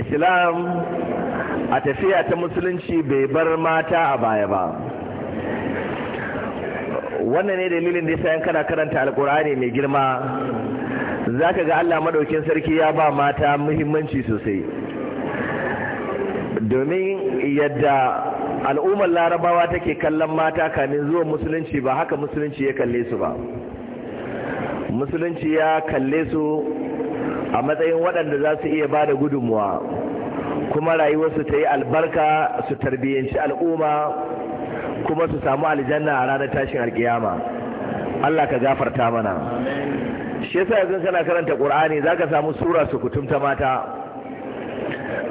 islam a tafiya ta musulunci bai bar mata a baya ba wannan ne dalilin da sayan kana karanta alkur'ani mai girma zaka ga Allah maɗaukin sarki ya ba mata muhimmanci sosai domin yadda al'ummar larabawa take kallon mata kamin zuwa musulunci ba haka musulunci ya kalle su ba musulunci ya kalle su a matsayin waɗanda za su iya ba da gudunmuwa kuma rayuwarsu ta yi albarka su tarbiyyanci al'umma kuma su samu aljanna a ranar tashin alkiyama Allah ka gafarta mana shi yasa yanzu kana karanta Qur'ani zaka samu sura su kutumta mata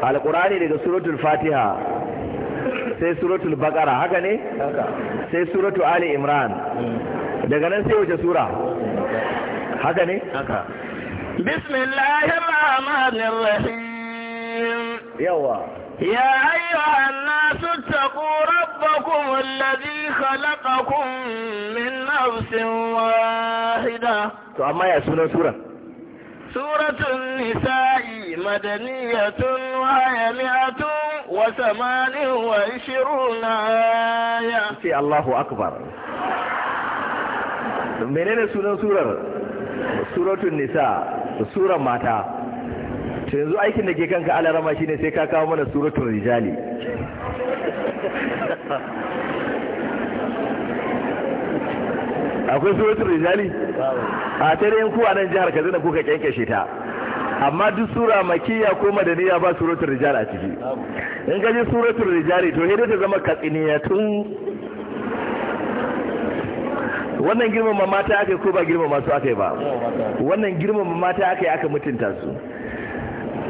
alqur'ani daga suratul fatiha sai suratul baqara haka ne sai suratul ali imran daga nan sai wace sura haka ne بسم الله الرحمن الرحيم يوا يا أيها الناس اتقوا ربكم الذي خلقكم من نفس واحدة يا سورة سورة النساء مدنية وهي مئة وثمان وعشرون آية الله أكبر menene سورة surar da suran mata to yanzu aikin da ke kanka alarama shine sai ka kawo mana suratul rijali akwai suratul rijali a tare ku a nan jihar na kuka kyankyashe ta amma duk sura makiyya ko madaniya ba suratul rijal a ciki in ka ji suratul rijali to sai ta zama katsiniyatun wannan girmama mata aka ko ba girmama su aka yi ba wannan girmama mata aka aka mutunta su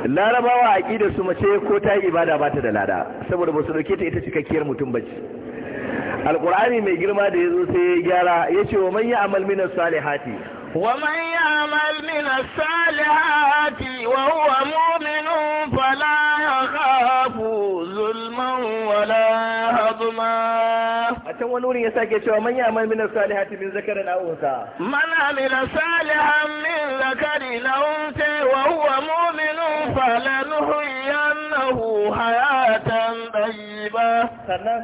larabawa a ƙi da su mace ko ta yi ibada ba ta da lada saboda ba su ɗauke ta ita cikakkiyar mutum ba ce alƙur'ani mai girma da ya zo sai ya gyara ya ce wa manya amal min salihati wa man amal min salihati wa huwa fala zulman wala a can wani wurin ya sake cewa man ya'mal min as-salihati min zakarin aw unsa man amila salihan min zakarin na unsa wa huwa mu'minun falanuhyiyannahu hayatan tayyiba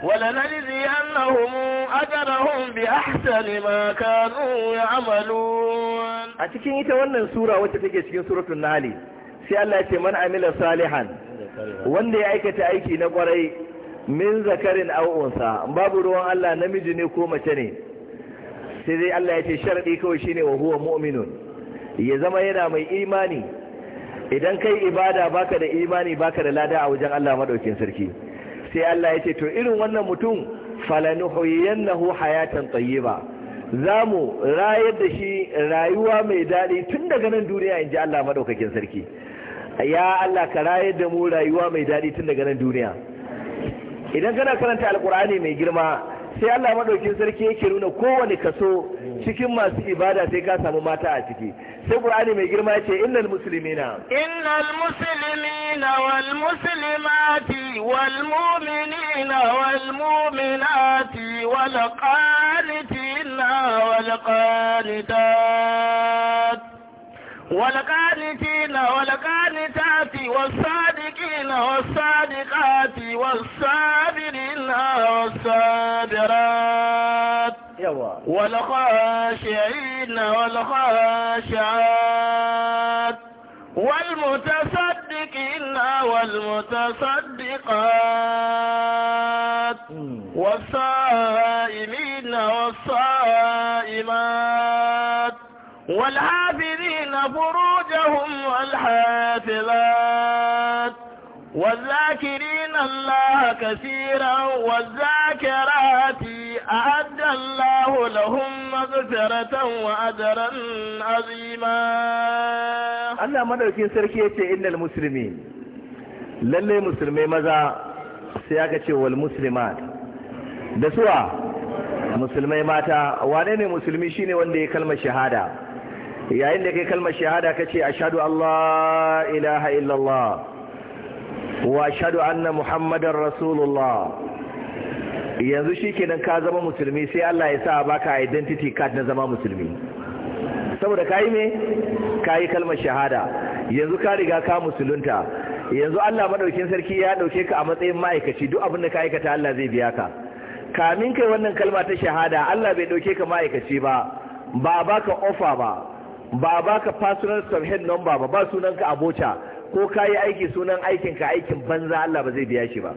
wa lanajziyannahum ajrahum bi ahsani ma kanu ya'malun a cikin ita wannan sura wacce take cikin suratun Nali, sai Allah ya ce man amila salihan wanda ya aikata aiki na kwarai min zakarin au'unsa babu ruwan Allah namiji ne ko mace ne sai dai Allah ya ce sharadi kawai shine wa huwa mu'minun ya zama yana mai imani idan kai ibada baka da imani baka da lada a wajen Allah madaukin sarki sai Allah ya ce to irin wannan mutum falanuhyiyannahu hayatan tayyiba zamu rayar da shi rayuwa mai dadi tun daga nan duniya inji Allah madaukakin sarki ya Allah ka rayar da mu rayuwa mai dadi tun daga nan duniya idan kana karanta alkur'ani mai girma sai Allah madaukin sarki yake nuna kowane kaso cikin masu ibada sai ka samu mata a ciki sai qur'ani mai girma yace innal muslimina innal muslimina wal muslimati wal mu'minina wal mu'minati wal qanitina wal qanitat wal qanitina wal qanitati was والصادقات والصابرين والصابرات والخاشعين والخاشعات والمتصدقين والمتصدقات والصائمين والصائمات والحافظين فروجهم والحافظات والذاكرين الله كثيرا والذاكرات أعد الله لهم مغفرة وأجرا عظيما أنا مدركين سركية إن المسلمين للي مسلمي ماذا سياكة والمسلمات دسوا musulmai mata wane ne musulmi shine wanda ya kalmar shahada yayin da kai kalmar shahada kace ashhadu Allah ilaha illallah واشهد ان محمد رسول الله yanzu shikenan ka zama musulmi sai Allah ya sa baka identity card na zama musulmi saboda kai me kai kalmar shahada yanzu ka riga ka musulunta yanzu Allah madaukin sarki ya dauke ka a matsayin ma'aikaci duk abin da ka aikata Allah zai biya ka kamin kai wannan kalma ta shahada Allah bai dauke ka ma'aikaci ba ba baka offer ba ba ba ka personal subhead number ba ba sunanka abota ko ka yi aiki sunan aikinka aikin banza Allah ba zai biya shi ba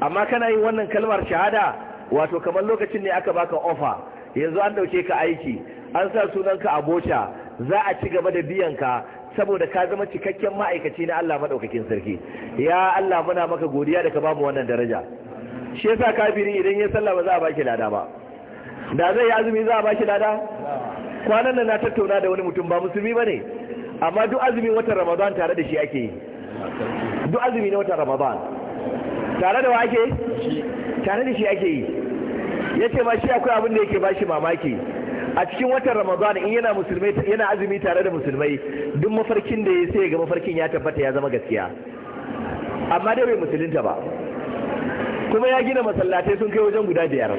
amma kana yin wannan kalmar shahada wato kamar lokacin ne aka baka ofa yanzu an dauke ka aiki an sa sunanka abota za a ci gaba da biyan ka saboda ka zama cikakken ma'aikaci na Allah madaukakin sarki ya Allah muna maka godiya da ka ba mu wannan daraja shi yasa kafiri idan ya sallah ba za a baki lada ba da zai yi azumi za a baki lada kwanan nan na tattauna da wani mutum ba musulmi ba ne amma duk azumin watan ramadan tare da shi ake yi duk azumi na watan ramadan tare da wa ake tare da shi ake yi ya ce ma shi akwai abin da yake ba shi mamaki a cikin watan ramadan in yana musulmai yana azumi tare da musulmai duk mafarkin da ya sai ga mafarkin ya tabbata ya zama gaskiya amma dai bai musulunta ba kuma ya gina masallatai sun kai wajen guda biyar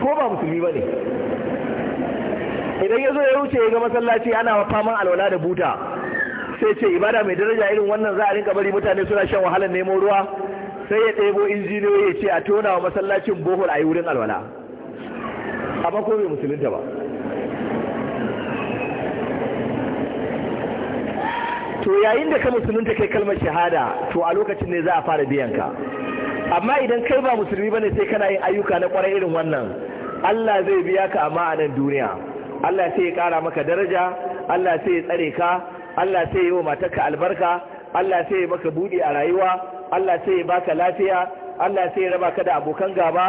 ko ba musulmi ba ne idan ya zo ya wuce ya ga masallaci ana faman alwala da buta sai ce ibada mai daraja irin wannan za a rinka bari mutane suna shan wahalar nemo ruwa sai ya ɗebo injiniyoyi ya ce a tona wa masallacin bohol a yi wurin alwala amma ko bai musulunta ba to yayin da ka musulunta kai kalmar shahada to a lokacin ne za a fara biyan ka amma idan kai ba musulmi bane sai kana yin ayyuka na kwarai irin wannan Allah zai biya ka amma a nan duniya Allah sai ya ƙara maka daraja Allah sai ya tsare ka Allah sai ya yi wa matarka albarka Allah sai ya maka buɗe a rayuwa Allah sai ya baka lafiya Allah sai ya raba ka da abokan gaba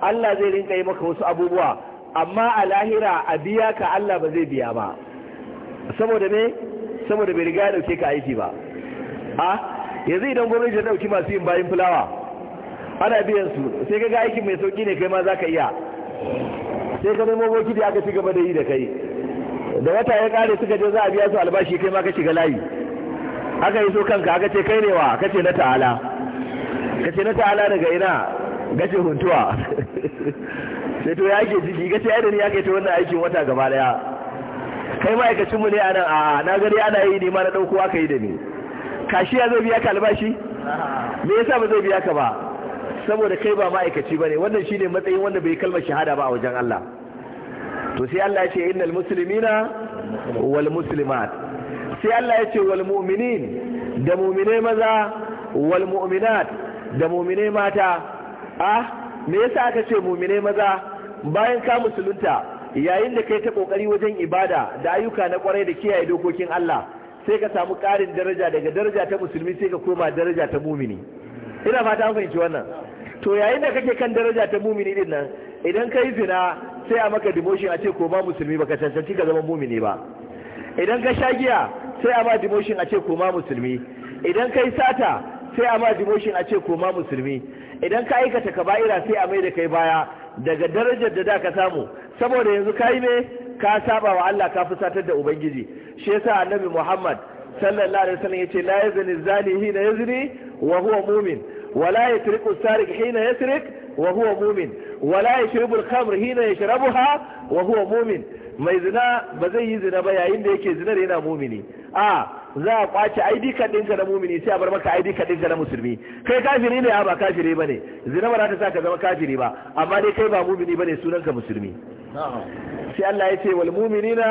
Allah zai rinka yi maka wasu abubuwa amma a lahira a biya ka Allah ba zai biya ba saboda me saboda bai riga ya dauke ka aiki ba a ah, yanzu idan gwamnati ta dauki masu yin bayan fulawa ana biyan su sai ka ga aikin mai sauki ne kai ma zaka iya sai ka nemo bokiti aka ci gaba da yi da kai da wata ya kare suka je za a biya su albashi kai ma ka shiga layi aka yi so kanka aka ce kai ne wa ka ce na ta'ala ka ce na ta'ala daga ina gace huntuwa sai to ya ke ciki gace ya da ni ya kai ta wannan aikin wata gaba daya kai ma'aikacin mu ne a nan a na gari ana yi ne ma na ɗauko aka yi da ni kashiya zai biya ka albashi me yasa ba zai biya ka ba saboda kai ba ma'aikaci ba ne, wannan shi ne matsayin wanda bai kalmar shahada ba a wajen Allah to sai Allah ya ce innal muslimina wal muslimat sai Allah ya ce wal mu'minin da mu'mine maza wal mu'minat da mu'mine mata ah me yasa aka ce mu'mine maza bayan ka musulunta yayin da kai ta kokari wajen ibada da ayyuka na kwarai da kiyaye dokokin Allah sai ka samu ƙarin daraja daga daraja ta musulmi sai ka koma daraja ta mumini ina fata an fahimci wannan to yayin da kake kan daraja ta mumini din nan idan ka yi zina sai a maka demotion a ce ko ba musulmi ba ka cancanci ka zama mumini ba idan ka sha giya sai a ma demotion a ce ko ma musulmi idan ka yi sata sai a ma demotion a ce ko ma musulmi idan ka aikata kaba'ira sai a mai da kai baya daga darajar da da ka samu saboda yanzu ka yi ne ka saba wa Allah ka fusatar da ubangiji shi yasa annabi Muhammad sallallahu alaihi wasallam yace la yazni zani hina yazni wa huwa mu'min ولا يسرق السارق حين يسرق وهو مؤمن ولا يشرب الخمر حين يشربها وهو مؤمن mai zina ba zai yi zina ba yayin da yake zinar yana mumini a za a kwace ID card ɗinka na mumini sai a bar maka ID card ɗinka na musulmi kai kafiri ne a ba kafiri bane zina ba za ta sa ka zama kafiri ba amma dai kai ba mumini bane sunan ka musulmi sai Allah ya ce wal mu'minina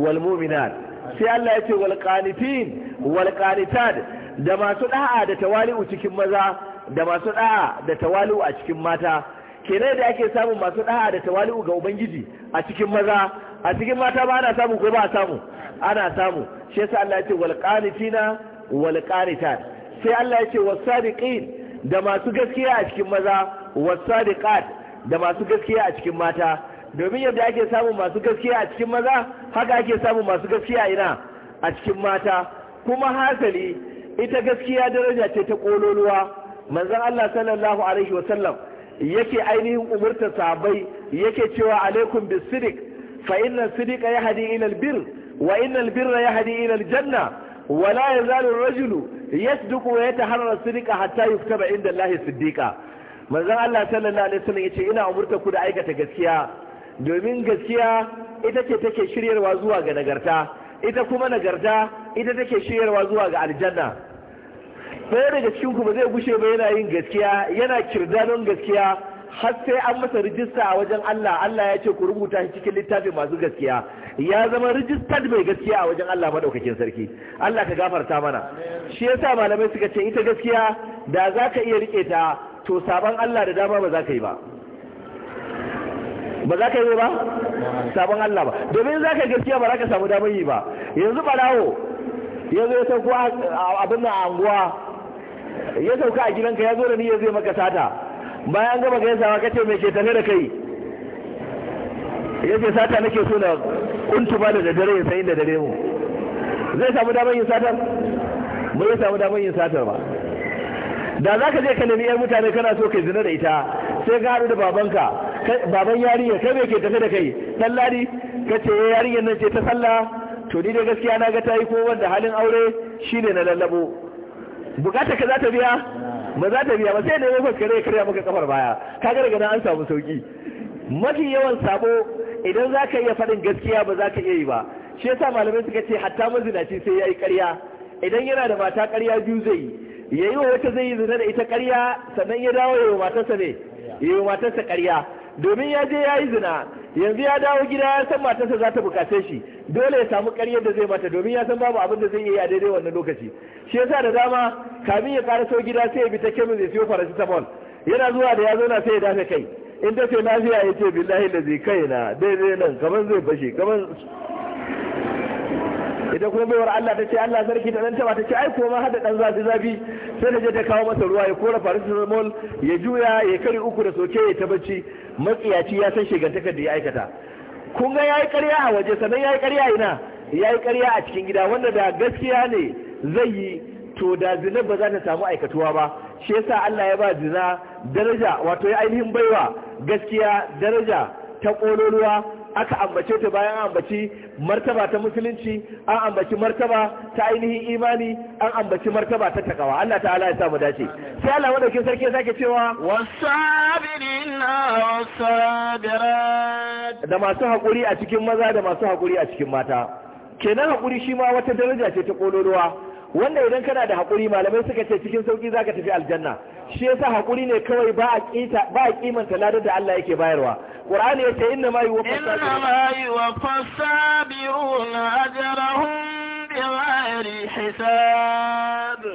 wal mu'minat sai Allah ya ce wal qanitin wal qanitat da masu da'a da tawali'u cikin maza da masu da'a da tawali'u a cikin mata kenan da ake samun masu da'a da tawali'u ga ubangiji a cikin maza a cikin mata ba ana samu ko ba a samu ana samu shi yasa Allah ya ce wal qanitina wal qanitat sai Allah ya ce Sadiqin da masu gaskiya a cikin maza was-sadiqat da masu gaskiya a cikin mata domin yadda ake samun masu gaskiya a cikin maza haka ake samun masu gaskiya ina a cikin mata kuma hasali ita gaskiya daraja ce ta kololuwa manzon Allah sallallahu alaihi wasallam yake ainihin umurta sahabbai yake cewa alaikum bisidik fa inna sidika yahdi ila albir wa inna albirra yahdi ila aljanna wa la yazalu ar-rajulu yasduqu wa yataharra sidika hatta yuktaba inda Allah siddiqa manzon Allah sallallahu alaihi wasallam yace ina umurta ku da aikata gaskiya domin gaskiya ita ce take shiryarwa zuwa ga nagarta ita kuma nagarta ita take shiryarwa zuwa ga aljanna ɗaya daga cikin ku ba zai gushe ba yana yin gaskiya yana kirdanon gaskiya har sai an masa rijista a wajen Allah Allah ya ce ku rubuta shi cikin littafin masu gaskiya ya zama rijistar mai gaskiya a wajen Allah maɗaukakin sarki Allah ka gafarta mana shi yasa malamai suka ce ita gaskiya da zaka iya rike ta to saban Allah da dama ba za ka yi ba ba za ka yi ba sabon Allah ba domin za ka gaskiya ba za ka samu damar yi ba yanzu ya yanzu ya sauko abin na anguwa ya sauka a gidanka ya zo da niyyar zai maka sata bayan gama ga yasawa ka ce mai ke tare da kai ya ce sata nake so na kuntuba da dare ya sayin da dare mu zai samu damar yin satar ba zai samu damar yin satar ba da za ka je ka nemi 'yan mutane kana so ka zina da ita sai ka haɗu da babanka baban yarinya kai me ke tafi da kai sallari kace eh, yarinyar nan ce ta sallah to ni da gaskiya na ga ta yi ko wanda halin aure shine na lallabo bukata ka za ta biya ba za ta biya ba sai da ya zai karya maka kafar baya ka ga daga nan an samu sauki mafi yawan sabo idan za ka iya faɗin gaskiya ba za ka iya yi ba shi yasa malamai suka ce hatta mazinaci sai ya yi karya idan yana da mata ƙarya biyu zai yi ya wa wata zai yi zina da ita ƙarya sannan ya dawo ya yi wa matarsa ne ya wa matarsa ƙarya. domin ya je ya yi zina yanzu ya dawo gida ya san matarsa za ta bukace shi dole ya samu ƙaryar da zai mata domin ya san babu abin da zai yi a daidai wannan lokaci shi yasa da dama kamin ya so gida sai ya bi ta kemis zai siyo bol yana zuwa da ya zauna sai ya dafe kai in ta ce lafiya ya ce billahi da zai kai na daidai nan kamar zai fashe kamar ita kuma baiwar Allah ta ce Allah sarki ta dan taba ta ce ai ko ma hada dan zafi zafi sai da je ta kawo masa ruwa ya kora paracetamol ya juya ya kare uku da soke ya ta bacci matsiyaci ya san shigantakar da ya aikata kun ga yayi ƙarya a waje sannan yayi ƙarya ina yayi ƙarya a cikin gida wanda da gaskiya ne zai yi to da zina ba za ta samu aikatuwa ba shi yasa Allah ya ba zina daraja wato ya ainihin baiwa gaskiya daraja ta ƙololuwa aka ambace ta bayan ambaci martaba ta musulunci an ambaci martaba ta ainihin imani an ambaci martaba ta takawa Allah ta'ala ya samu dace sai Allah wanda ke sarki sake cewa wasabirina wasabirat da masu hakuri a cikin maza da masu hakuri a cikin mata kenan hakuri shi ma wata daraja ce ta kololuwa wanda idan kana da haƙuri malamai suka ce cikin sauƙi za ka tafi aljanna shi yasa haƙuri ne kawai ba a ƙimanta ladar da Allah yake bayarwa ƙur'ani ya ce inna ma yi wa fasabirun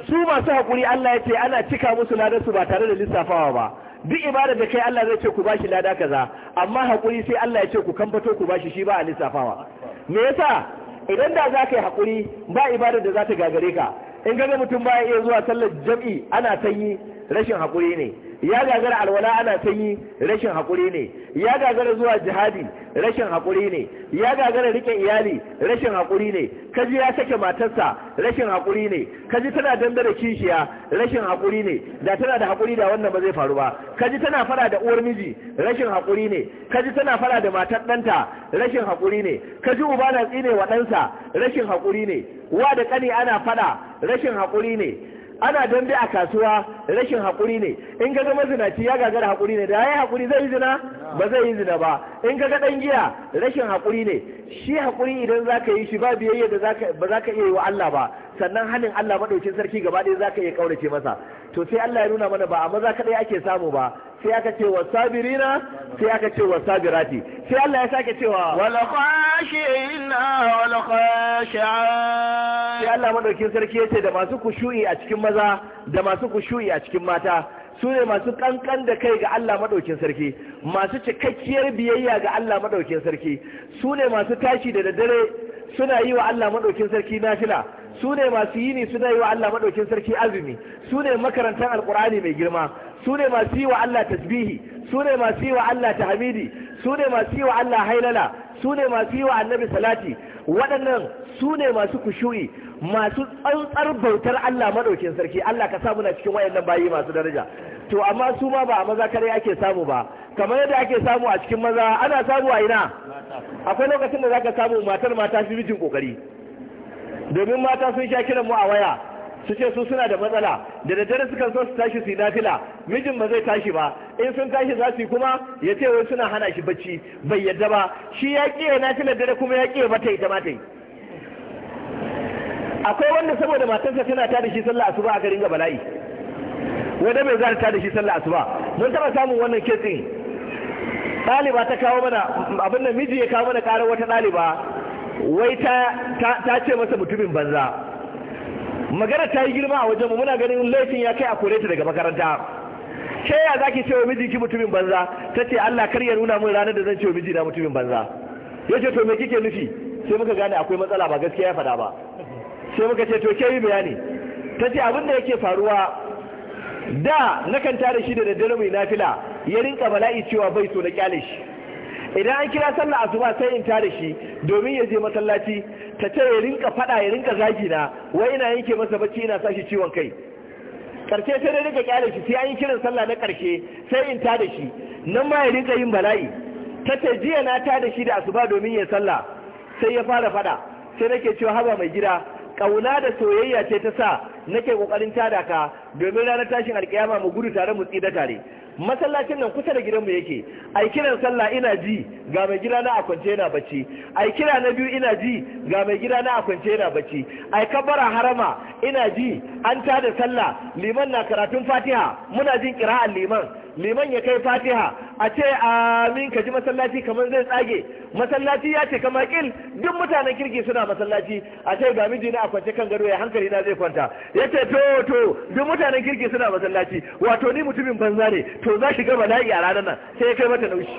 su masu haƙuri Allah ya ce ana cika musu ladar su ba tare da lissafawa ba duk ibada da kai Allah zai ce ku bashi lada kaza amma haƙuri sai Allah ya ce ku kamfato ku bashi shi ba a lissafawa me yasa idan da za ka yi haƙuri ba ibadar da za ta gagare ka in ga mutum baya iya zuwa sallar jam'i ana sanyi rashin haƙuri ne ya gagara alwala ana sanyi rashin haƙuri ne ya gagara zuwa jihadi rashin haƙuri ne ya gagara rike iyali rashin haƙuri ne kaji ya sake matarsa rashin haƙuri ne kaji tana dambe da kishiya rashin haƙuri ne da tana da haƙuri da wannan ba zai faru ba kaji tana fara da uwar miji rashin haƙuri ne kaji tana fara da matar ɗanta rashin haƙuri ne kaji uba na tsine wa ɗansa rashin haƙuri ne wa da ƙani ana fada rashin haƙuri ne ana dambe a kasuwa rashin haƙuri ne in ka ga zinaci ya gagara haƙuri ne da ya yi haƙuri zai yi zina ba zai yi zina ba in ka ga ɗan giya rashin haƙuri ne shi haƙuri idan za ka yi shi ba biyayya da ba za ka iya yi wa Allah ba sannan hannun Allah maɗaukin sarki gaba ɗaya za ka iya ƙaurace masa to sai Allah ya nuna mana ba a maza kaɗai ake samu ba sai aka ce wa sabirina sai aka ce wa sabirati sai Allah ya sake cewa wala khashina wala khashi'an sai Allah madaukin sarki yace da masu kushu'i a cikin maza da masu kushu'i a cikin mata su ne masu kankan da kai ga Allah madaukin sarki masu cikakkiyar biyayya ga Allah madaukin sarki su ne masu tashi da daddare suna yi wa Allah madaukin sarki nafila su ne masu yini suna yi wa Allah madaukin sarki azumi su ne makarantar alqurani mai girma su ne masu yi wa Allah tasbihi su ne masu yi wa Allah tahmidi su ne masu yi wa Allah hailala su ne masu yi wa annabi salati waɗannan su ne masu kushu'i masu tsantsar bautar Allah madaukin sarki Allah ka samu na cikin wayannan bayi masu daraja to amma su ma ba a maza kare ake samu ba kamar yadda ake samu a cikin maza ana samu a ina akwai lokacin da zaka samu matar mata fi mijin kokari domin mata sun sha kiran mu a waya su ce su suna da matsala da daddare suka so su tashi su yi nafila mijin ba zai tashi ba in sun tashi za su yi kuma ya ce wai suna hana shi bacci bai yadda ba shi ya na nafilar dare kuma ya ƙiye mata ita mata yi akwai wanda saboda matarsa tana ta da shi sallah asuba a garin ga bala'i wanda bai zara ta da shi sallah asuba mun taɓa samun wannan kitsin ɗaliba ta kawo mana abin da miji ya kawo mana ƙarar wata ɗaliba wai ta ce masa mutumin banza magana ta yi girma a wajenmu muna ganin laifin ya kai a kore ta daga makaranta ke ya zaki ce wa miji ki mutumin banza ta ce Allah kar ya nuna mun ranar da zan ce wa mijina mutumin banza ya ce to me kike nufi sai muka gane akwai matsala ba gaskiya ya faɗa ba sai muka ce to ke yi bayani ta ce abin da yake faruwa da nakan tare shi da daddare mai nafila ya rinka bala'i cewa bai so na kyale shi idan an kira sallah asuba sai in tare shi domin ya je masallaci ta ce ya rinka fada ya rinka zagi na wai ina yanke masa bacci ina sashi ciwon kai karshe sai da rinka kyale shi sai an yi kiran sallah na karshe sai in tare shi nan ma ya rinka yin bala'i ta ce jiya na ta da shi da asuba domin ya sallah sai ya fara fada sai nake cewa haba mai gida kauna da soyayya ce ta sa nake kokarin tada ka domin ranar tashin alkiyama mu gudu tare mu tsida tare masallacin nan kusa da gidanmu yake ai kiran sallah ina ji ga mai gida na akwance yana bacci ai kira na biyu ina ji ga mai gida na akwance yana bacci ai kabara harama ina ji an tada sallah liman na karatun fatiha muna jin kira'an liman liman ya kai fatiha a ce amin ka ji masallaci kamar zai tsage masallaci ya ce kama kil duk mutanen kirki suna masallaci a ce ga miji na a kwance kan gado ya hankali na zai kwanta ya ce to to duk mutanen kirki suna masallaci wato ni mutumin banza ne to za shiga bala'i a ranar nan sai ya kai mata naushi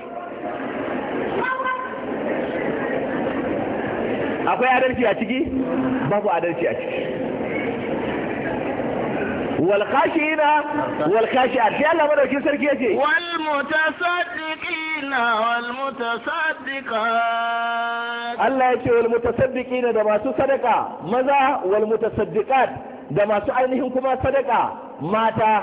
akwai adalci a ciki babu adalci a ciki wal khashina wal khashiat sai Allah madaukin sarki yace wal mutasaddiqina wal mutasaddiqat Allah yace wal mutasaddiqina da masu sadaka maza wal da masu ainihin kuma sadaka mata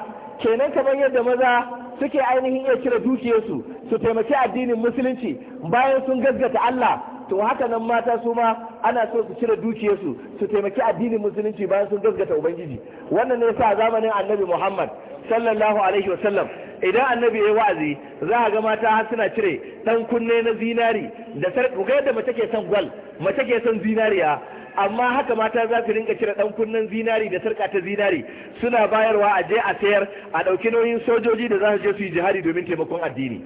kenan kamar yadda maza suke ainihin iya cire dukiyarsu su taimaki addinin musulunci bayan sun gaskata Allah to haka nan mata su ma ana so su cire dukiyarsu su taimaki addinin musulunci bayan sun gaskata ubangiji wannan ne sa zamanin annabi muhammad sallallahu alaihi wasallam idan annabi ya wa'azi za a ga mata har suna cire dan kunne na zinari da sarki ga yadda mace ke son gwal mace ke son zinariya amma haka mata za su rinka cire dan kunnen zinari da sarka ta zinari suna bayarwa a je a sayar a dauki nauyin sojoji da za su je su yi jihadi domin taimakon addini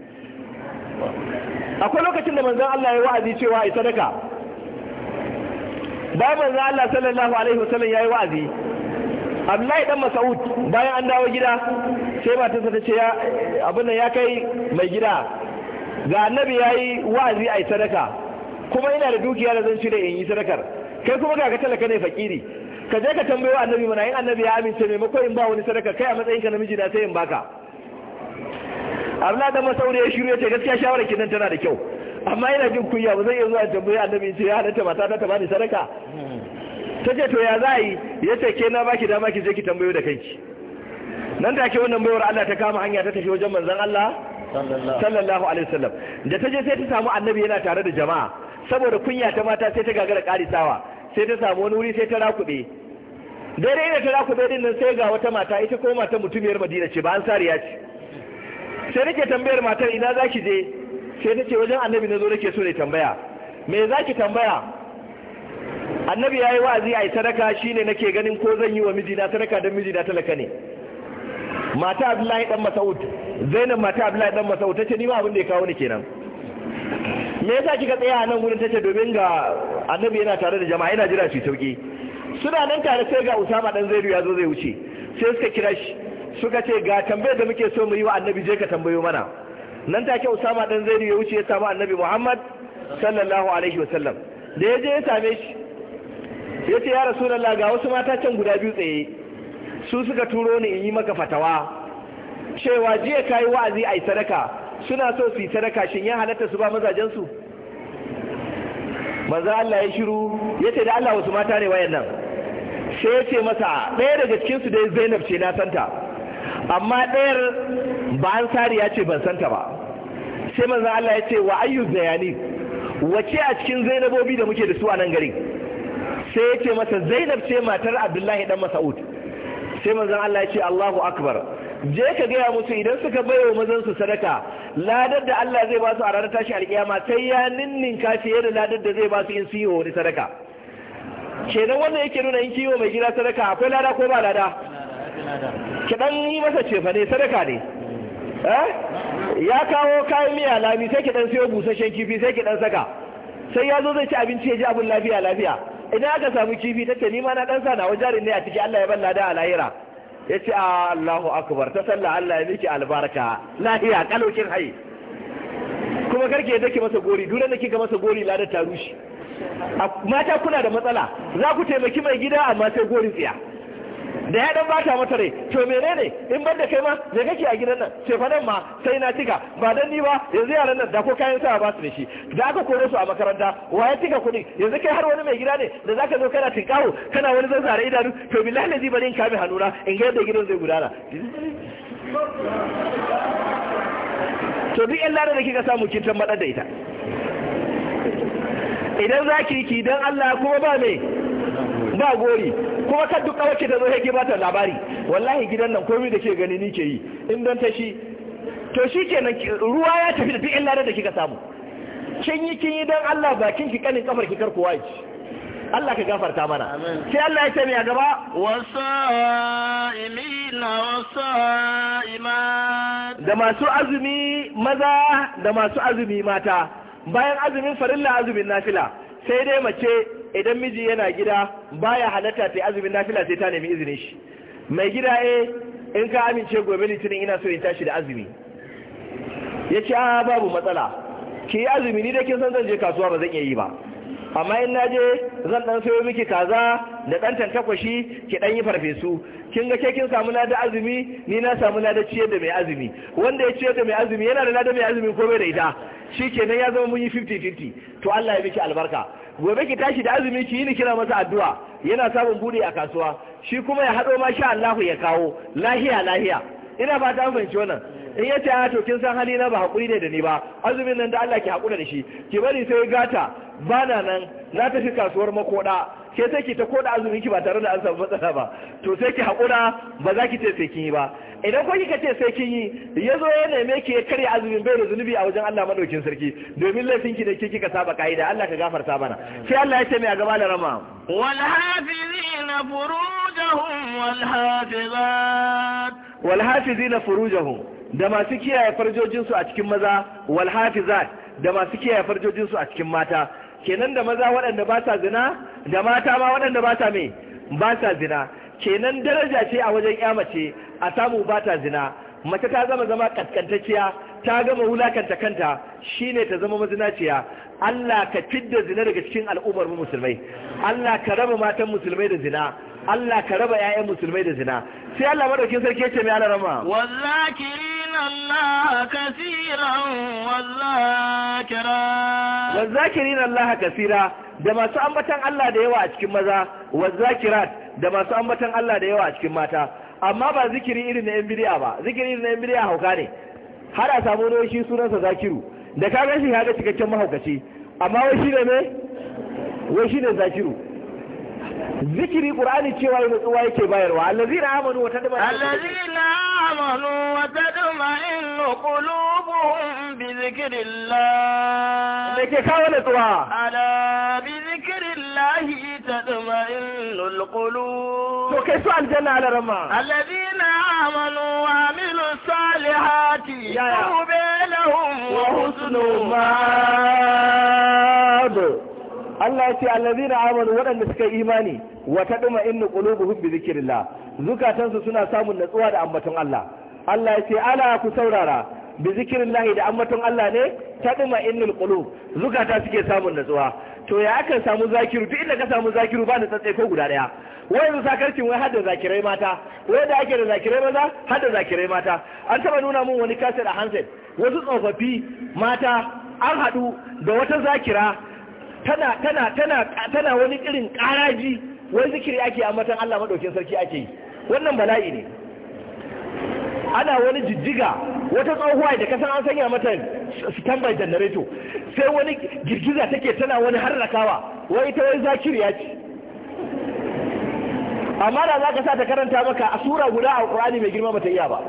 akwai lokacin da manzan Allah ya wa'azi cewa ai sadaka bayan manzan Allah sallallahu alaihi wasallam yi wa'azi Abdullahi dan Mas'ud bayan an dawo gida sai matarsa ta ce abin da ya kai mai gida ga annabi ya yi wa'azi a sadaka kuma ina da dukiya da zan shirya in yi sadakar kai kuma ga ka talaka ne fakiri ka je ka tambayo annabi mana in annabi ya amince maimakon in ba wani sadaka kai a matsayinka namiji da sai in baka abla da masauri ya shiru ya ce gaskiya shawara kinan tana da kyau amma yana jin kunya ba zai iya zuwa tambayi annabi ce ya halatta mata ta bani sadaka ta ce to ya za yi ya ce ke na baki dama ki je ki tambayo da kanki nan take wannan baiwar Allah ta kama hanya ta tafi wajen manzon Allah sallallahu alaihi wasallam da ta je sai ta samu annabi yana tare da jama'a saboda kunya ta mata sai ta gagara karisawa sai ta samu wani wuri sai ta rakube daidai da ta rakube din nan sai ga wata mata ita ko mata mutumiyar Madina ce ba an sariya ce sai nake tambayar matar ina za ki je sai nake wajen annabi na zo nake so ne tambaya me za ki tambaya annabi ya yi wa'azi a yi sadaka shi ne nake ganin ko zan yi wa mijina sadaka don mijina talaka ne mata abdullahi dan masaud zainab mata abdullahi dan masaud tace ni ma abin da ya kawo ni kenan me yasa kika tsaya a nan gurin tace domin ga annabi yana tare da jama'a yana jira shi sauki suna nan tare sai ga usama dan zaidu ya zo zai wuce sai suka kira shi suka ce ga tambayar da muke so mu yi wa annabi je ka tambayo mana nan take usama dan zaidu ya wuce ya samu annabi muhammad sallallahu alaihi wasallam da ya je ya same shi ya ce ya rasulallah ga wasu mata can guda biyu tsaye su suka turo ni in yi maka fatawa cewa jiya kayi wa'azi a yi sadaka suna so su yi sadaka shin ya halatta su ba mazajen su manzo Allah ya shiru ya ce da Allah wasu mata ne wayannan sai ya ce masa ɗaya daga cikin su dai Zainab ce na santa amma ɗayar ba an sari ya ce ban santa ba sai manzan Allah ya ce wa ayyu zayani wace a cikin zainabobi da muke da su a nan garin sai ya ce masa zainab ce matar abdullahi dan mas'ud sai manzan Allah ya ce Allahu akbar je ka gaya musu idan suka bai wa mazan su sadaka ladar da Allah zai basu su a ranar tashi alkiyama sai ya ninninka fiye da ladar da zai ba su in su wani sadaka kenan wanda yake nuna in kiwo mai gida sadaka akwai lada ko ba lada ki dan yi masa cefa ne sadaka ne eh? ya kawo kayan miya lami sai ki dan siyo busasshen kifi sai ki dan saka sai ya zo zai ci abinci ya ji abin lafiya lafiya idan aka samu kifi tace ni ma na dan sa nawa jarin ne a ciki Allah ya ban lada a lahira yace a Allahu akbar ta sallah Allah ya miki albarka lahiya kalokin hai kuma karke da ke masa gori dole ne kika masa gori ladar ta rushe mata kuna da matsala za ku taimaki mai gida amma sai gori tsiya da ya dan bata mata rai to menene in banda kai ma me kake a gidan nan sai fa ma sai na tika ba dan ni ba yanzu yaran nan da ko kayan sa ba su da shi da aka kore su a makaranta wa ya tika kuɗi yanzu kai har wani mai gida ne da zaka zo kana tinkawo kana wani zanzare idanu to billahi lazi bari in kame hannuna in ga yadda gidan zai gudana to duk yan lada da kika samu kin tambaɗar da ita idan za ki ki dan Allah kuma ba mai ba gori kuma kan duk kawace ta zo ya ke bata labari wallahi gidan nan komai da ke gani ni ke yi in don ta shi to shi kenan ruwa ya tafi da fi'in ladar da kika samu kin yi kin yi don Allah bakin ki kanin kamar ki kar kowa Allah ka gafarta mana sai Allah ya ce a gaba wasa'imina da masu azumi maza da masu azumi mata bayan azumin farilla azumin nafila sai dai mace idan miji yana gida baya halatta ta azumin nafila sai ta nemi izinin shi mai gida eh in ka amince gobe litinin ina so in tashi da azumi Ya ce a ah, babu matsala ki yi azumi ni da kin san zan je kasuwa ba zan iya yi ba amma in na je zan ɗan sayo miki kaza da ɗan tantakwashi ki ɗan yi farfesu kin ga ke kin samu na da azumi ni na samu na da ciyar da mai azumi wanda ya ciyar da mai azumi yana da na da mai azumi ko bai da ita shi kenan ya zama mun yi 50-50 to Allah ya miki albarka gobe ki tashi da azumi ki yi ni kira masa addu'a yana samun buɗe a kasuwa shi kuma ya haɗo ma sha Allahu ya kawo lahiya lahiya ina ba ta fahimci wannan in ya ce to kin san hali na ba hakuri ne da ni ba azumin nan da Allah ki haƙura da shi ki bari sai gata bana na nan na tafi kasuwar makoda ke sai ki ta koda azumin ki ba tare da an samu matsala ba to sai ki hakura ba za ki ce sai kin yi ba idan ko kika ce sai kin yi ya zo ya neme ki ya karya azumin bai da zunubi a wajen Allah madaukin sarki domin laifin ki da ke kika saba ka'ida Allah ka gafarta mana sai Allah ya ce mai a gaba da rama wal hafizina furujahum wal hafizat wal hafizina furujahum da masu kiyaye farjojinsu a cikin maza wal hafizat da masu kiyaye farjojinsu a cikin mata kenan da maza waɗanda ba sa zina da mata ma waɗanda ba sa mai ba sa zina kenan daraja ce a wajen yamace a samu ba ta zina mace ta zama zama kaskantacciya ta gama wulakanta kanta shine ta zama mazinaciya Allah ka fidda zina daga cikin al'ummar mu musulmai Allah ka raba matan musulmai da zina Allah ka raba 'ya'yan musulmai da zina sai Allah madaukin sarki ya ce mai alarama wallahi الله والذاكرين الله كثيرا da masu ambatan Allah da yawa a cikin maza wazakirat da masu ambatan Allah da yawa a cikin mata amma ba zikiri irin na yan ba zikiri irin na yan hauka ne har a samu wani shi sunansa zakiru da ka ga shi ga cikakken mahaukaci amma wai shi ne me wai shi ne zakiru zikiri qur'ani cewa yana tsuwa yake bayarwa allazina amanu wa tadma allazina amanu wa tadma innu qulubuhum bi zikrillah da ke kawo da tsuwa ala bi zikrillah tadma innul qulub to kai su aljanna ala rama allazina amanu wa amilu salihati tuba lahum wa husnu ma'ab Allah ya ce allazina amanu waɗanda suka yi imani wa tadma innu qulubuhum bi zikrillah zukatansu suna samun natsuwa da ambaton Allah Allah ya ce ala ku saurara bi zikrillah da ambaton Allah ne tadma innul qulub zukata suke samun natsuwa to ya aka samu zakiru duk inda ka samu zakiru ba da tsatsai ko guda daya wai yanzu wai har da zakirai mata wai da ake da zakirai maza har zakirai mata an taba nuna mun wani kaset a handset wasu tsofaffi mata an haɗu da wata zakira tana tana tana tana wani irin karaji wai zikiri ake a matan Allah madaukin sarki ake yi wannan bala'i ne ana wani jijjiga wata tsohuwa da kasan an sanya mata standby generator sai wani girgiza take tana wani harrakawa wai ita wai zakiriya ce amma da zaka sa ta karanta maka a sura guda a Qur'ani mai girma mata iya ba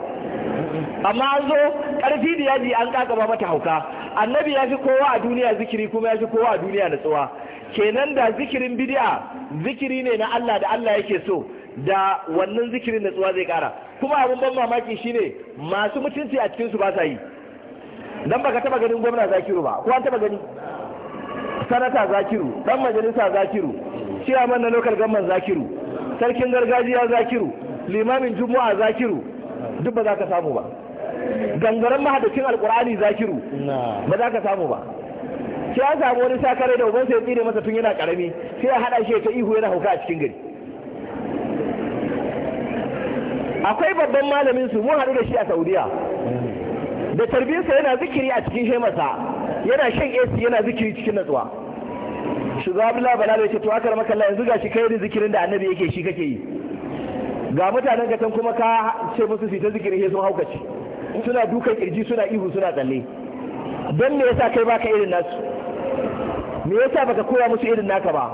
amma an zo ƙarfi da yaji an ƙaƙaba mata hauka annabi ya fi kowa a duniya zikiri kuma ya fi kowa a duniya tsawa kenan da zikirin bidiya zikiri ne na Allah da Allah yake so da wannan zikirin na tsawa zai kara kuma abin ban mamaki shine masu mutunci a cikin su ba sa yi dan baka taba ganin gwamna Zakiru ba ko an taba gani sanata Zakiru dan majalisa Zakiru chairman na local government Zakiru sarkin gargajiya Zakiru limamin jumu'a Zakiru duk ba za ka samu ba gangaren mahadacin alkur'ani zakiru ba za ka samu ba sai ya samu wani sakare da ubansa ya tsire masa tun yana karami sai ya hada shi ta ihu yana hauka a cikin gari akwai babban malamin su mun haɗu da shi a saudiya da tarbiyarsa yana zikiri a cikin shemarsa yana shan ac yana zikiri cikin natsuwa shugaba abdullahi bala da ya ce to aka yanzu gashi kai da zikirin da annabi yake shi kake yi ga mutanen ka kuma ka ce musu su ta zikirin sai sun haukace suna dukan kirji suna ihu suna tsalle don me yasa kai baka irin nasu me yasa baka koya musu irin naka ba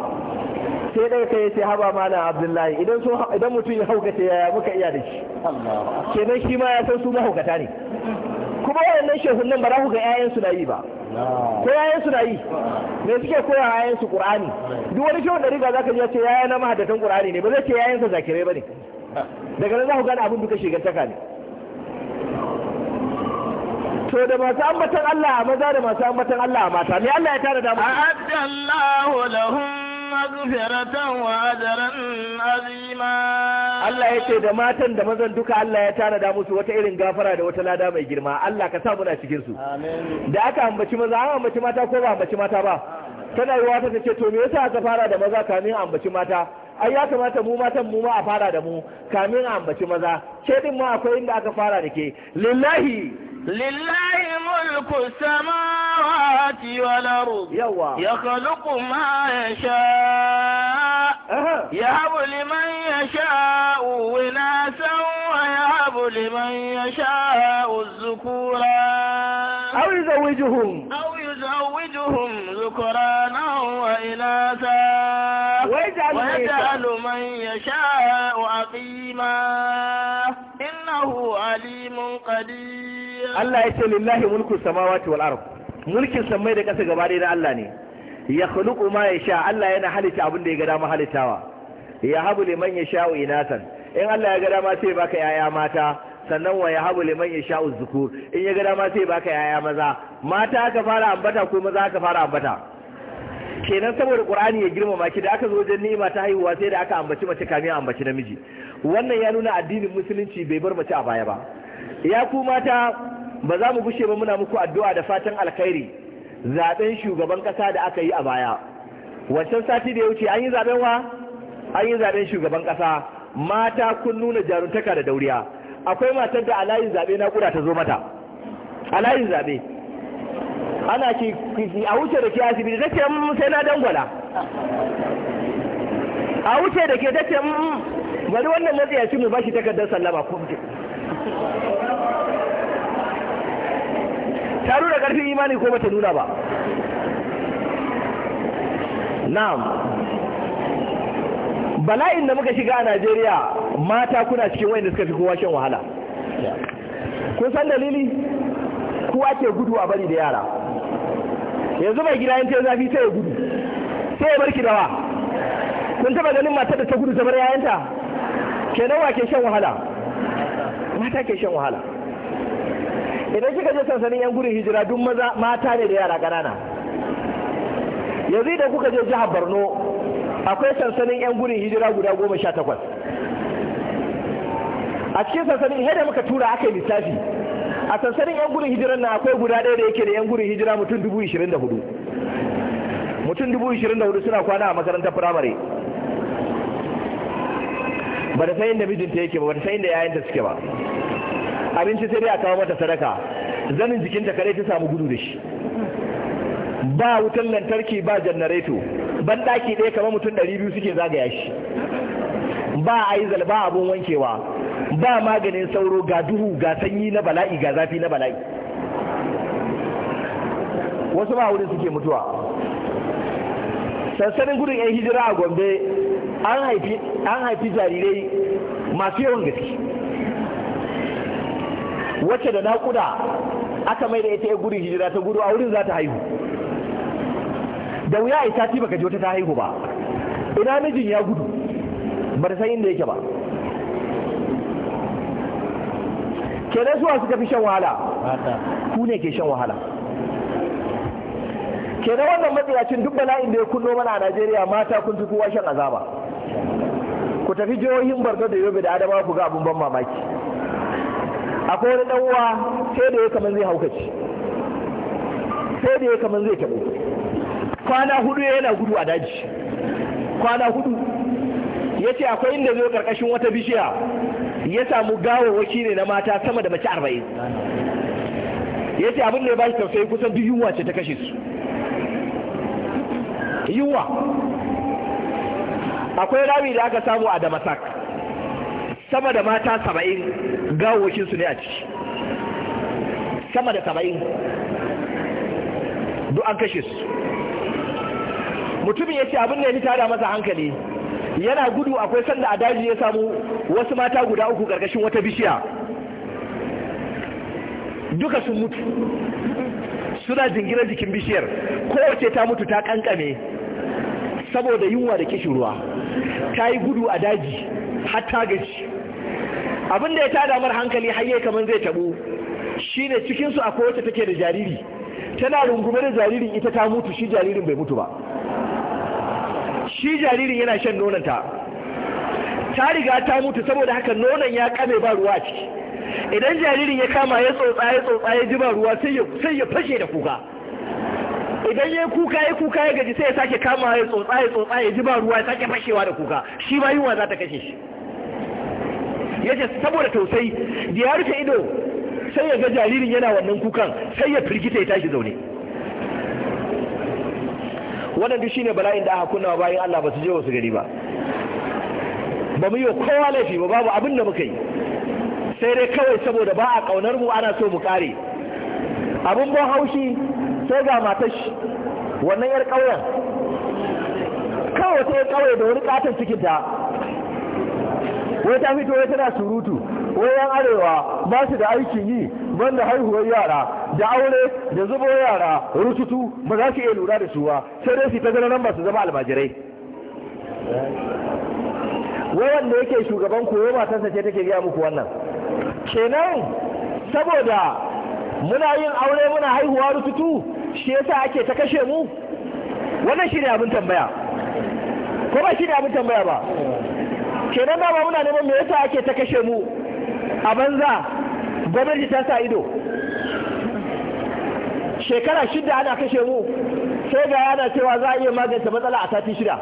sai daga kai sai haba mana abdullahi idan idan mutum ya haukata yaya muka iya da shi kenan shi ma ya san su mahaukata ne kuma wayannan shehun nan ba za ku ga ƴaƴan su na yi ba ko ƴaƴan su na yi me suke koya ƴaƴan su qur'ani duk wani shehun da riga zaka ji ya ce yaya na mahaddatan qur'ani ne ba zai ce ƴaƴan sa zakirai bane daga nan za ku gane abin duka shigantaka ne to da masu ambatan Allah a maza da masu ambatan Allah a mata ne Allah ya tara da mu a'adallahu lahum maghfiratan wa ajran azima Allah ya ce da matan da mazan duka Allah ya tara da musu wata irin gafara da wata lada mai girma Allah ka sa muna cikin su da aka ambaci maza an ambaci mata ko ba ambaci mata ba tana yi wata ta ce to me yasa aka fara da maza kamin ambaci mata ai ya kamata mu matan mu ma a fara da mu kamin a ambaci maza ke din ma akwai inda aka fara da ke lillahi لله ملك السماوات والأرض يخلق ما يشاء يهب لمن يشاء وناسا ويهب لمن يشاء الذكورا أو يزوجهم أو يزوجهم ذكرانا وإناثا ويجعل من يشاء عقيما إنه عليم قدير Allah ya ce lillahi mulku samawati wal ard mulkin samai da kasa gaba da na Allah ne ya khuluqu ma yasha Allah yana halitta abin da ya ga dama halittawa ya habu liman yasha inatan in Allah ya ga dama sai baka yaya mata sannan wa ya habu liman yasha zukur in ya ga dama sai baka yaya maza mata ka fara ambata ko maza ka fara ambata kenan saboda qur'ani ya girmama ki da aka zo wajen ni'ima ta haihuwa sai da aka ambaci mace kamin ambaci namiji wannan ya nuna addinin musulunci bai bar mace a baya ba ya ku mata ba za mu gushe ba muna muku addu'a da fatan alkhairi zaben shugaban kasa da aka yi a baya wancan sati da ya wuce an yi zaben wa an yi zaben shugaban kasa mata kun nuna jaruntaka da dauriya akwai matar da alayin zaɓe na ƙura ta zo mata alayin zaɓe ana ki a wuce da ke asibiti ke mm, mm, sai na dangwala a wuce da ke dace mm, bari wannan matsayaci mu bashi takardar sallama ko ta nuna ƙarfin imani ko bata nuna ba na'am bala'in da muka shiga a Najeriya mata kuna cikin wayanda suka fi kowa shan wahala kun san dalili kowa ke gudu a bari da yara yanzu mai gida yanta ya zafi sai ya gudu sai ya barki dawa kun taba ganin matar da ta gudu ta bar yayanta kenan wa ke shan wahala mata ke shan wahala idan kika je sansanin yan gudun hijira duk maza mata ne da yara ƙanana yanzu idan kuka je jihar borno akwai sansanin yan gudun hijira guda goma sha takwas a cikin sansanin yadda muka tura aka yi lissafi a sansanin yan gudun hijiran na akwai guda ɗaya da yake da yan gudun hijira mutum dubu ishirin da hudu mutum dubu ishirin da hudu suna kwana a makarantar firamare ba da sayin da mijinta yake ba ba da sayin da yayanta suke ba abinci sai dai a kawo mata sadaka zanin jikinta kadai ta samu gudu da shi ba wutan lantarki ba janareto ban daki ɗaya kamar mutum ɗari biyu suke zagaya shi ba yi ba abun wankewa ba maganin sauro ga duhu ga sanyi na bala'i ga zafi na bala'i wasu ba wurin suke mutuwa sansanin gudun 'yan hijira a gombe an haifi jarirai masu yawan gaske wacce da naƙuda aka mai da ita ya gudun hijira ta gudu a wurin za ta haihu da wuya a sati baka jota wata ta haihu ba ina mijin ya gudu ba ta san inda yake ba kenan suwa suka fi shan wahala ku ne ke shan wahala kenan wannan matsayacin duk bala'in da ya kunno mana a najeriya mata kun fi kowa shan azaba ku tafi jihohin bardo da yobe da adama ku ga abin ban mamaki akwai wani ɗanwa uwa sai da ya kamar zai haukace sai da ya kamar zai tabo kwana hudu yana gudu a daji kwana hudu ya ce akwai inda zai karkashin wata bishiya ya samu gawawaki ne na mata sama da mace arba'in ya ce abin da ya ba shi tausayi kusan duk yunwa ce ta kashe su yunwa akwai rami da aka samu a damasak sama da mata saba'in gawokinsu ne a ciki sama da saba'in duk an kashe su mutumin ya ce abin da ya fi masa hankali yana gudu akwai sanda a daji ya samu wasu mata guda uku ƙarƙashin wata bishiya duka sun mutu suna jingirar jikin bishiyar kowace ta mutu ta ƙanƙame saboda yunwa da kishin ruwa ta yi gudu a daji hatta gaji abin da ya tada mar hankali hayye kamar zai tabo shi ne cikinsu akwai wacce take da jariri tana rungume da jaririn ita ta mutu shi jaririn bai mutu ba shi jaririn yana shan nonanta ta riga ta mutu saboda haka nonon ya kame ba ruwa a ciki idan jaririn ya kama ya tsotsa ya tsotsa ya ji ba ruwa sai ya fashe da kuka idan ya kuka ya kuka ya gaji sai ya sake kama ya tsotsa ya tsotsa ya ji ba ruwa ya sake fashewa da kuka shi ma yunwa za ta kashe shi yace saboda tausayi da ya rufe ido sai ya ga jaririn yana wannan kukan sai ya firgita ya tashi zaune wannan duk shine bala'in da aka kunna bayan Allah ba su je wasu gari ba ba mu yi kowa laifi ba babu abin da muka yi sai dai kawai saboda ba a kaunar mu ana so mu kare abin ban haushi sai ga matar shi wannan yar kauyen kawai sai kauye da wani katon cikin ta wai ta fito wai tana surutu wai yan arewa ba su da aikin yi banda haihuwar yara da aure da zubo yara rututu ba za su iya lura da su ba sai dai su ta zana nan ba su zama almajirai wai wanda yake shugaban koyo matarsa ce take gaya muku wannan kenan saboda muna yin aure muna haihuwa rututu shi yasa ake ta kashe mu wannan shi ne abin tambaya ko ba shi ne abin tambaya ba kenan ba muna neman me yasa ake ta kashe mu a banza gwamnati ta sa ido shekara shida ana kashe mu sai ga yana cewa za a iya magance matsala a sati shida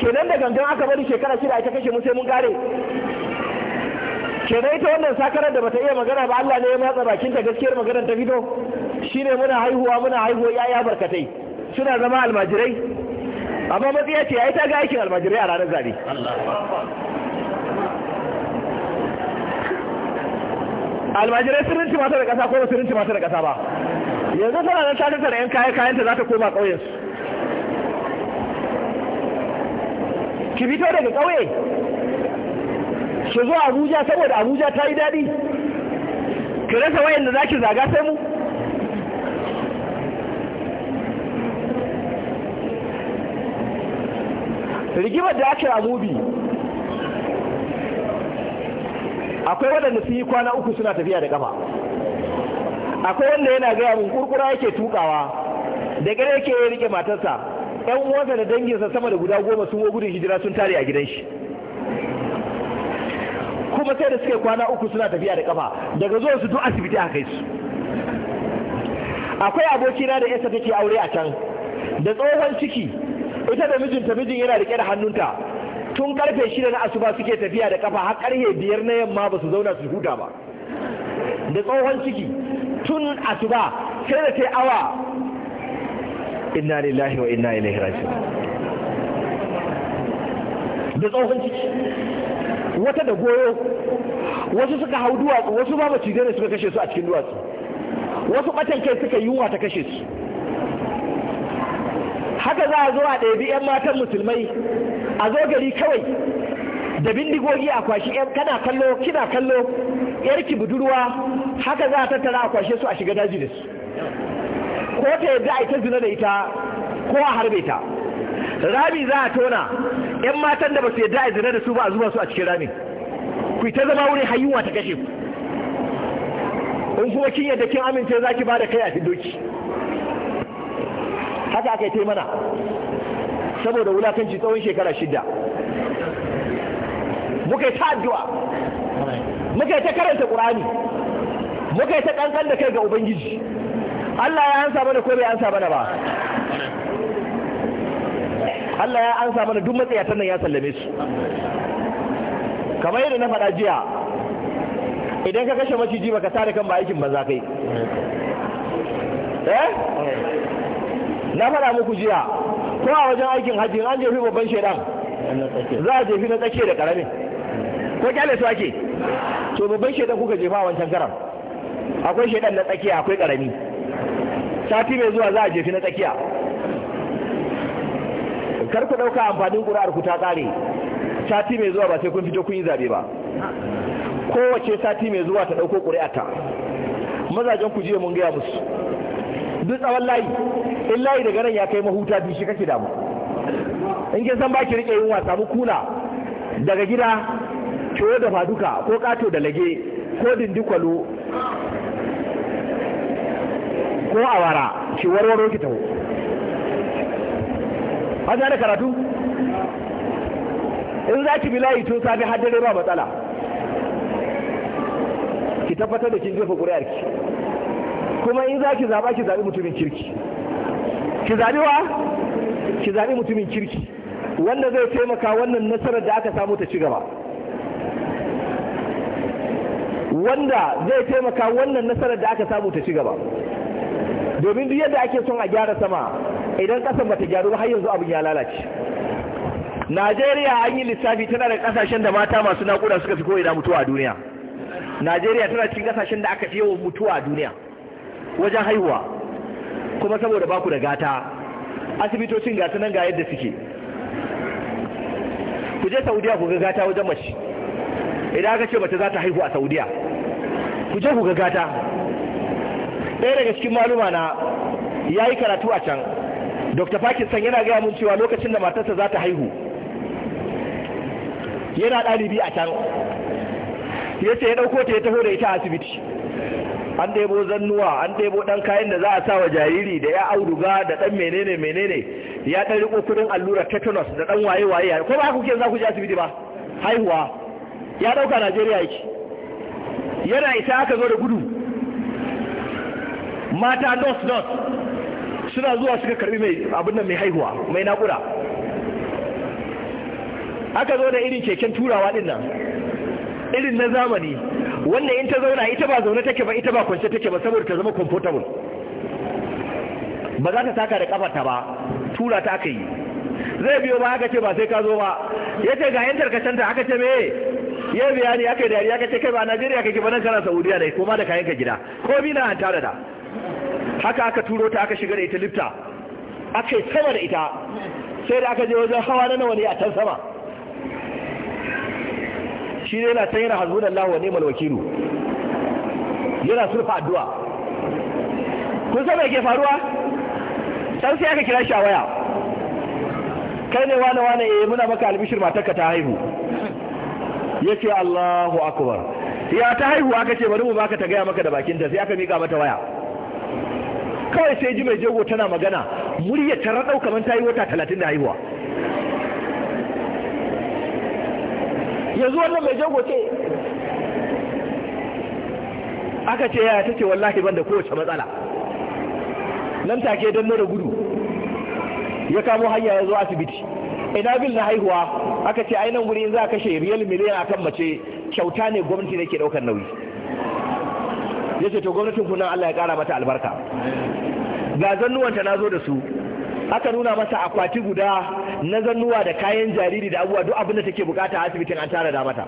kenan da gangan aka bari shekara shida ita kashe mu sai mun kare kenan ita wannan sakarar da bata iya magana ba Allah ne ya matsa bakinta gaskiyar maganar ta fito shine muna haihuwa muna haihuwa yaya barkatai suna zama almajirai amma matsi ya ce ya yi ta ga aikin almajirai a ranar zari almajirai sun rinci mata da ƙasa ko sun rinci mata da ƙasa ba yanzu tana nan ta tattara 'yan kayan kayanta za ta koma ƙauyensu ki fito daga ƙauye su zo abuja saboda abuja ta yi daɗi ki rasa wayan da za ki zaga sai mu rigimar da ake a mubi akwai waɗanda su yi kwana uku suna tafiya da kafa akwai wanda yana gaya mun kurkura yake tukawa da gare yake ya rike matarsa yan uwansa da danginsa sama da guda goma sun gudun hijira sun tare a gidan shi kuma sai da suke kwana uku suna tafiya da kafa daga zuwa su duk asibiti a kai su akwai abokina da yasa take aure a can da tsohon ciki ita da mijinta mijin yana rike da hannunta tun karfe shida na asuba suke tafiya da kafa har karfe biyar na yamma ba su zauna su huta ba da tsohon ciki tun asuba sai da ta awa inna lillahi wa inna ilaihi raji'un da tsohon ciki wata da goyo wasu suka hau duwatsu wasu ba mace ne suka kashe su a cikin duwatsu wasu batan kai suka yunwa ta kashe su haka za a zo a ɗabi 'yan matan musulmai a zo gari kawai da bindigogi a kwashi kana kallo kina kallo yarki budurwa haka za a tattara a kwashe su a shiga daji da su ko ta yadda a ita zina da ita ko a harbe ta rami za a tona yan matan da ba su yadda a zina da su ba a zuba su a cikin rami ku ta zama wurin hayuwa ta kashe ku in kuma kin yadda kin amince za ki ba da kai a fidoki haka aka yi mana saboda wulakanci tsawon shekara shida muka yi ta addu'a muka yi ta karanta ƙur'ani muka yi ta ƙanƙan da kai ga ubangiji Allah ya ansa mana ko bai ansa mana ba Allah ya ansa mana duk matsayatan nan ya sallame su kamar yadda na faɗa jiya idan ka kashe maciji baka tare kan ba aikin banza kai eh na faɗa muku jiya ko a wajen aikin hajji an jefi babban shaidan za a jefi na tsakiya da karamin ko kyale su ake to babban shaidan kuka jefa a wancan karam. akwai shaidan na tsakiya akwai karami sati mai zuwa za a jefi na tsakiya kar ku ɗauka amfanin ƙuri'ar ku ta tsare, sati mai zuwa ba sai kun fito kun yi zabe ba kowace sati mai zuwa ta ɗauko ƙuri'ata mazajen ku jiya mun gaya musu duk tsawon layi in layi daga nan ya kai mahuta bi shi kake damu in kin san ba ki rike wasa mu kula daga gida coyo da faduka ko kato da lage ko dindikwalo ko awara ki warwaro ki taho an da karatu in za ki bi layi tun sami har dare ba matsala ki tabbatar da kin jefa ƙuri'arki kuma in za ki zaɓa ki zaɓi mutumin kirki ki zaɓi wa ki zaɓi mutumin kirki wanda zai taimaka wannan nasarar da aka samu ta ci gaba wanda zai taimaka wannan nasarar da aka samu ta ci domin duk yadda ake son a gyara sama idan kasan bata gyaru ba har yanzu abin ya lalace Najeriya an yi lissafi tana da kasashen da mata masu naƙuda suka fi koyi da mutuwa a duniya Najeriya tana cikin kasashen da aka fi yawan mutuwa a duniya wajen haihuwa kuma saboda baku da gata asibitocin gasu nan ga yadda suke ku je saudiya ku ga gata wajen mace idan aka ce mace za ta haihu a saudiya ku je ku ga gata ɗaya daga cikin maluma na ya yi karatu a can dr pakistan yana gaya mun cewa lokacin da matarsa za ta haihu yana ɗalibi a can ya ce ya ɗauko ta ya taho da ita a asibiti an ɗebo zannuwa an ɗebo ɗan kayan da za a sa wa jariri da ya auduga da ɗan menene menene ya ɗan riƙo kudin allura tetanus da ɗan waye waye Ya ko ba kuke za ku je asibiti ba haihuwa ya ɗauka najeriya yake yana isa aka zo da gudu mata dos dos suna zuwa suka karbi mai abin nan mai haihuwa mai naƙuda aka zo da irin keken turawa ɗin nan irin na zamani wannan in ta zauna ita ba zaune take ba ita ba kwance take ba saboda ta zama comfortable ba za ta saka da kafarta ba tura ta aka yi zai biyo ba aka ce ba sai ka zo ba ya ce ga yan ta aka ce me? ya biya ne aka yi aka ce kai ba najeriya kake ba nan kana saudiya ko ma da kayan ka gida ko bi na an tare da haka aka turo ta aka shiga da ita lifta aka yi sama da ita sai da aka je wajen hawa na nawa ne a can sama shi ne yana ta yana hazbun Allah wa neman wakilu yana sulfa addu'a kun san me ke faruwa san sai aka kira shi a waya kai ne wane wane eh muna maka albishir matarka ta haihu yace Allahu akbar ya ta haihu aka ce bari mu baka ta gaya maka da bakin bakinta sai aka mika mata waya kawai sai ji mai jego tana magana muryar ta raɗau kamar ta yi wata talatin da haihuwa yanzu wannan mai jango ce aka ce yaya ta ce wallahi ban da kowace matsala nan take don nuna gudu ya kamo hanya ya zo asibiti ina bil na haihuwa aka ce ainihin wuri za a kashe riyal miliyan akan mace kyauta ne gwamnati ne ke daukar nauyi ya ce to gwamnatin kunan Allah ya kara mata albarka ga zannuwanta na zo da su aka nuna masa akwati guda na zannuwa da kayan jariri da abubuwa duk abin take bukata a asibitin an tara da mata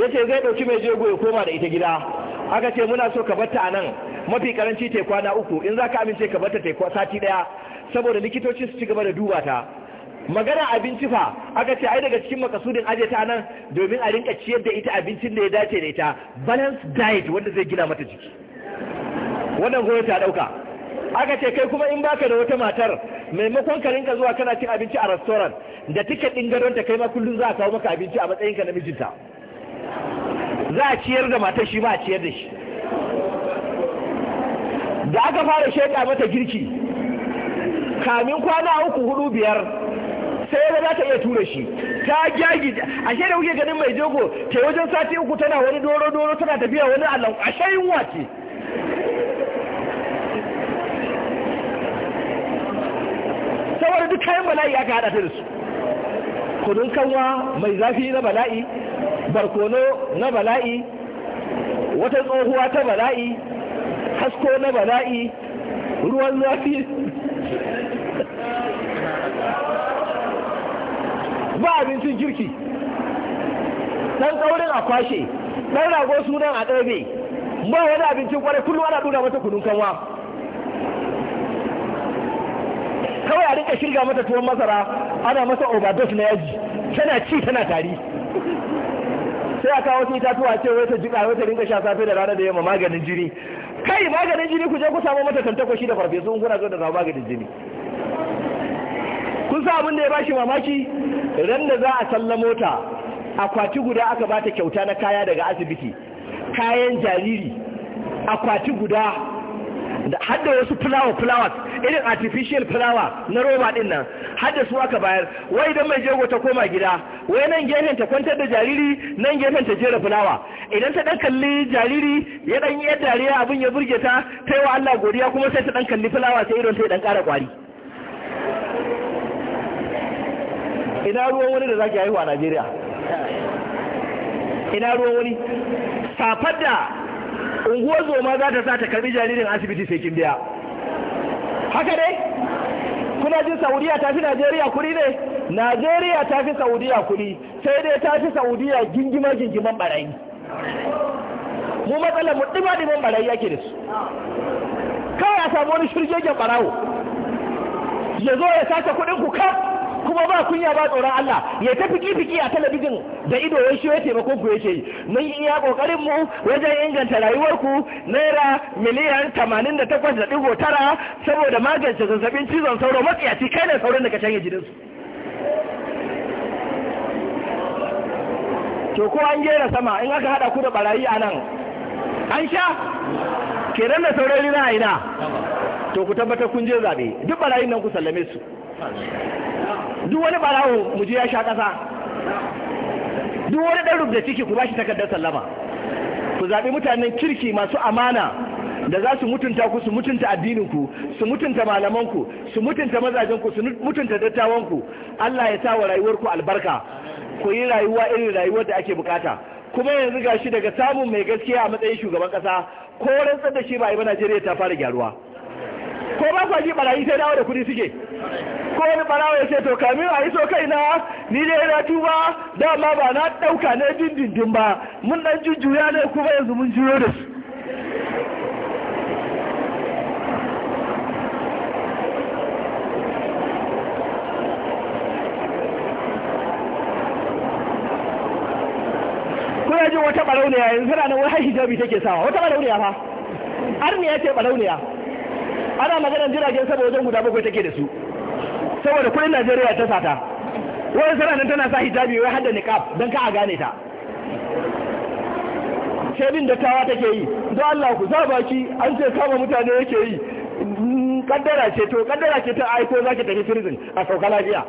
ya ce zai dauki mai jego ya koma da ita gida aka ce muna so ka batta a nan mafi karanci ta kwana uku in za ka amince ka batta ta sati daya saboda likitoci su ci gaba da duba ta magana abinci fa aka ce ai daga cikin makasudin aje ta nan domin a rinka ciyar da ita abincin da ya dace da ita balance diet wanda zai gina mata jiki wannan goyon ta dauka aka ce kai kuma in baka da wata matar maimakon ka rinka zuwa kana cin abinci a restaurant da tiket din gadon ta kai ma kullum za a kawo maka abinci a matsayin ka na mijinta za a ciyar da matar shi ba a ciyar da shi da aka fara sheka mata girki kamin kwana uku hudu biyar sai ya za ta iya tura shi ta gyagi ashe da kuke ganin mai jego ta wajen sati uku tana wani doro doro tana tafiya wani allon ashe yunwa ita duk kayan bala'i aka haɗa ta da su kudin kanwa mai zafi na bala'i barkono na bala'i wata tsohuwa ta bala'i hasko na bala'i ruwan zafi ba abincin jirki ɗan tsaurin a kwashe ɗan rago sunan a ɗabe ba wani abincin kwarai kullum ana ɗura mata kudin kanwa kawai a rika shirga mata tuwon masara ana masa overdose na yaji tana ci tana tari sai a kawo wasu itatuwa ce wai ta jika wai ta rinka sha safe da rana da yamma maganin jini kai maganin jini ku je ku samu mata shi da farfesu sun kuna zo da zama maganin jini kun sa abin da ya bashi mamaki ran da za a sallamo ta akwati guda aka bata kyauta na kaya daga asibiti kayan jariri akwati guda da hada wasu fulawa fulawa irin artificial fulawa na roba din nan hada su aka bayar wai idan mai jego ta koma gida wai nan gefen ta kwantar da jariri nan gefen ta jera fulawa idan ta dan kalli jariri ya dan yi dariya abin ya burge ta kai wa Allah godiya kuma sai ta dan kalli fulawa sai irin ta dan ƙara kwari ina ruwan wani da zaki haihuwa a Najeriya ina ruwan wani safar da unguwar zoma za ta sa ta karbi jaririn asibiti sai kin biya haka dai kuna jin saudiya ta fi najeriya kuri ne najeriya ta fi saudiya kuri, sai dai ta fi saudiya gingima gingiman barayi mu matsala mu ɗima ɗiman barayi yake da su kawai a samu wani shirgegen barawo ya zo ya sace kuɗin ku kaf kuma ba kunya ba tsoron Allah ya ta fiki fiki a talabijin da ido wai shi ya taimako ku yake yi mun yi iya kokarin mu wajen inganta rayuwar ku naira miliyan 88.9 saboda magance zazzabin cizon sauro matsiyaci kai ne sauran da ka canje su to ko an gera sama in aka hada ku da barayi a nan an sha kenan da sauran rina a ina to ku tabbatar kun je zabe duk barayin nan ku sallame su duk wani barawo mu je ya sha ƙasa duk wani ɗan rubda ciki ku bashi takardar sallama ku zaɓi mutanen kirki masu amana da za su mutunta ku su mutunta addininku su mutunta malamanku su mutunta mazajenku su mutunta dattawanku Allah ya sa wa rayuwarku albarka ku yi rayuwa irin rayuwar da ake bukata kuma yanzu gashi daga samun mai gaskiya a matsayin shugaban kasa ko rantsar da shi ba a yi ba Najeriya ta fara gyaruwa ko ba kwa ji barayi sai dawo da kuɗi suke ko wani barawa ya ce to kamin a iso kaina ni dai na tuba dama ba na ɗauka ne dindindin ba mun ɗan jujjuya ne kuma yanzu mun jiyo da su kuna jin wata barauniya yanzu na nan wai har hijabi take sawa wata barauniya fa ya ce barauniya ana maganar jiragen saboda wajen guda bakwai take da su saboda kudin Najeriya ta sata wani sanannen tana sa hijabi wai hadda niqab don ka a gane ta shebin tawa take yi don Allah ku za baki an ce kama mutane yake yi kaddara ce to kaddara ce ta aiko ki tafi prison a sauka lafiya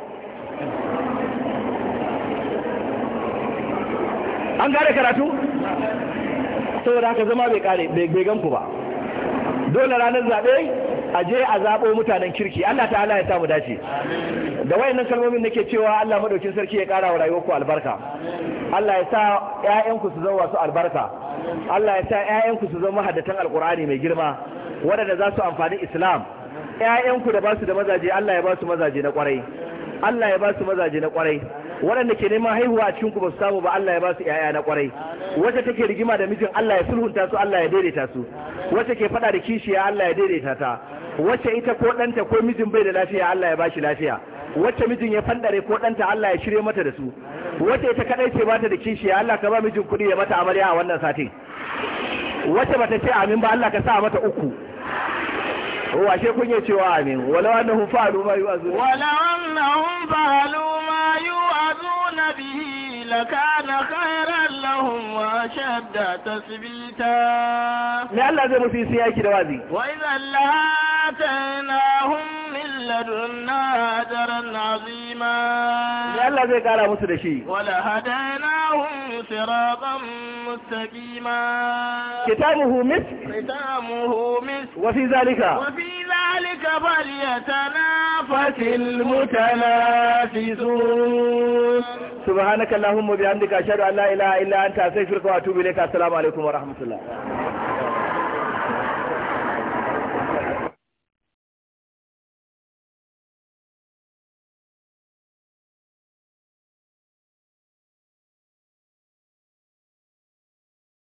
an gane karatu saboda haka zama bai kare bai ganku ba dole ranar zaɓe a je a zaɓo mutanen kirki Allah ta'ala ya samu dace da wayannan kalmomin nake cewa Allah madaukin sarki ya ƙara wa rayuwarku albarka Allah ya sa ƴaƴanku su zama wasu albarka Allah ya sa ƴaƴanku su zama haddatan alqur'ani mai girma waɗanda za su amfani islam Ya'yanku da ba su da mazaje Allah ya ba su mazaje na ƙwarai Allah ya ba su mazaje na ƙwarai waɗanda ke neman haihuwa a cikin ku ba su samu ba Allah ya ba su ƴaƴa na ƙwarai wacce take rigima da mijin Allah ya sulhunta su Allah ya daidaita su wacce ke faɗa da kishiya Allah ya daidaita ta wacce ita ko ɗanta ko mijin bai da lafiya Allah ya ba shi lafiya wacce mijin ya fandare ko ɗanta Allah ya shirye mata da su wacce ita kadai ce bata da kishiya Allah ka ba mijin kuɗi ya mata amarya a wannan satin wacce bata ce amin ba Allah ka sa mata uku washe oh, kun yi cewa amin wannan hun fa'alu ma yu'azuna wannan hun fa'alu ma yu'azuna bihi لكان خيرا لهم وأشد تثبيتا لألا زي مسي أيكي دوازي وإذا لآتيناهم من لدنا أجرا عظيما لألا زي قال دشي ولهديناهم صراطا مستقيما كتابه مثل ختامه مثل وفي ذلك وفي ذلك فليتنافس المتنافسون سبحانك الله allahumma bihamdika ashhadu an la ilaha illa anta astaghfiruka wa atubu ilayka assalamu alaikum